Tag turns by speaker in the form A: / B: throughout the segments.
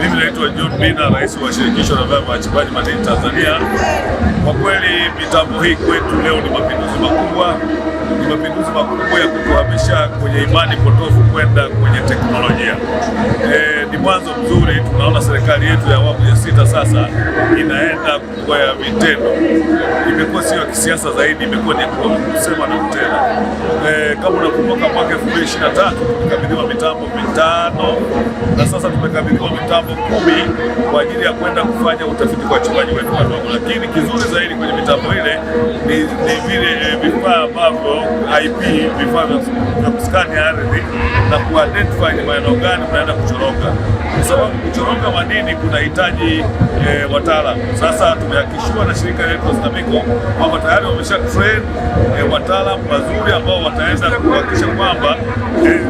A: Mimi naitwa John Bina, rais wa shirikisho la vyama vya wachimbaji madini Tanzania. Kwa kweli mitambo hii kwetu leo ni mapinduzi makubwa, ni mapinduzi makubwa ya kutuhamisha kwenye imani potofu kwenda kwenye teknolojia. E, ni mwanzo mzuri. Tunaona serikali yetu ya awamu ya sita sasa inaenda kwa vitendo, imekuwa sio ya kisiasa zaidi, imekuwa ni kusema na kutenda kama unakumbuka mwaka 2023 tulikabidhiwa mitambo mitano na sasa tumekabidhiwa mitambo kumi kwa ajili ya kwenda kufanya utafiti kwa wachimbaji wetu wadogo, lakini kizuri zaidi kwenye mitambo ile ni, ni vile eh, vifaa ambavyo IP vifaa vya kuskani ardhi na kuidentify ni maeneo gani mnaenda kuchoroka, kwa sababu kuchoroka madini kunahitaji eh, wataalamu. Sasa tumehakikishiwa na shirika letu la STAMICO kwamba tayari wamesha train eh, wataalamu wazuri ambao wataenda kuhakikisha kwamba eh,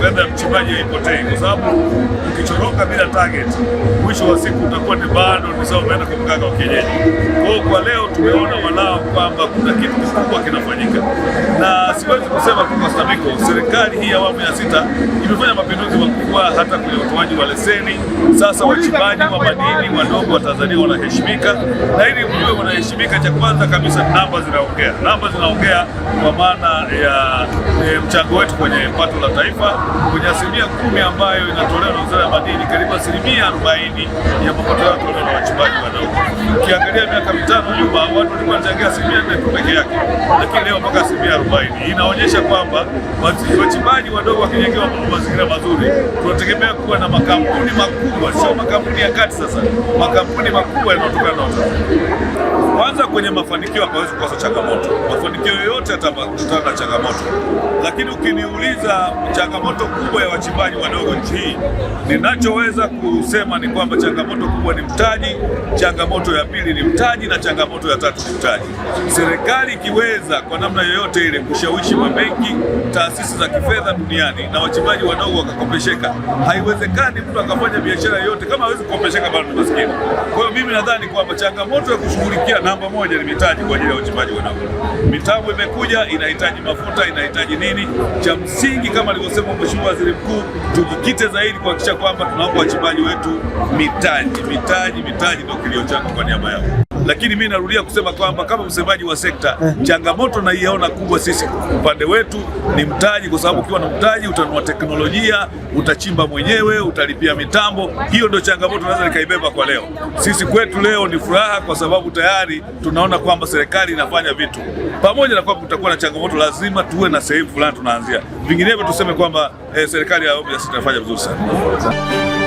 A: fedha ya mchimbaji haipotei, kwa sababu ukichora bila target, mwisho wa siku utakuwa ni bado ni sawa umeenda kwa mganga wa kienyeji. Kwa hiyo kwa leo tumeona wanao kwamba kuna kitu kikubwa kinafanyika, na siwezi kusema kwa Costabico. Serikali hii awamu ya sita imefanya mapinduzi makubwa hata kwenye utoaji wa leseni. Sasa wachimbaji wa madini wadogo wa Tanzania wanaheshimika, na ili mwe wanaheshimika, cha kwanza kabisa namba zinaongea, namba zinaongea kwa maana ya e, mchango wetu kwenye pato la taifa kwenye asilimia kumi ambayo inatolewa na wizara ya madini karibu asilimia arobaini ya mapato yao yatokana na wachimbaji wadogo. Ukiangalia miaka mitano nyuma watu walikuwa wanachangia asilimia nne tu peke yake, lakini leo mpaka asilimia arobaini. Inaonyesha kwamba wachimbaji wadogo wakijengewa mazingira mazuri, tunategemea kuwa na makampuni makubwa, sio makampuni ya kati. Sasa makampuni makubwa yanayotokana na Watanzania. Kwanza kwenye mafanikio hapawezi kukosa changamoto. Mafanikio yoyote atakutana na changamoto, lakini ukiniuliza changamoto kubwa ya wachimbaji wadogo nchi hii, ninachoweza kusema ni kwamba changamoto kubwa ni mtaji, changamoto ya pili ni mtaji, na changamoto ya tatu ni mtaji. Serikali ikiweza kwa namna yoyote ile kushawishi mabenki, taasisi za kifedha duniani na wachimbaji wadogo wakakopesheka. Haiwezekani mtu akafanya biashara yoyote kama hawezi kukopesheka bado maskini. Kwa hiyo mimi nadhani kwamba changamoto ya kushughulikia namba moja ni mitaji kwa ajili ya uchimbaji wa nafaka. Mitambo imekuja inahitaji mafuta, inahitaji nini cha msingi, kama alivyosema Mheshimiwa Waziri Mkuu, tujikite zaidi kuhakikisha kwamba tunawapa wachimbaji wetu mitaji, mitaji, mitaji ndio kilio chako kwa niaba yao lakini mi narudia kusema kwamba kama msemaji wa sekta eh, changamoto naiona kubwa sisi upande wetu ni mtaji, kwa sababu ukiwa na mtaji utanua teknolojia, utachimba mwenyewe, utalipia mitambo. Hiyo ndio changamoto naweza nikaibeba kwa leo. Sisi kwetu leo ni furaha, kwa sababu tayari tunaona kwamba serikali inafanya vitu, pamoja na kwamba kutakuwa na changamoto, lazima tuwe na sehemu fulani tunaanzia, vinginevyo tuseme kwamba eh, serikali ya awamu ya sita inafanya vizuri sana.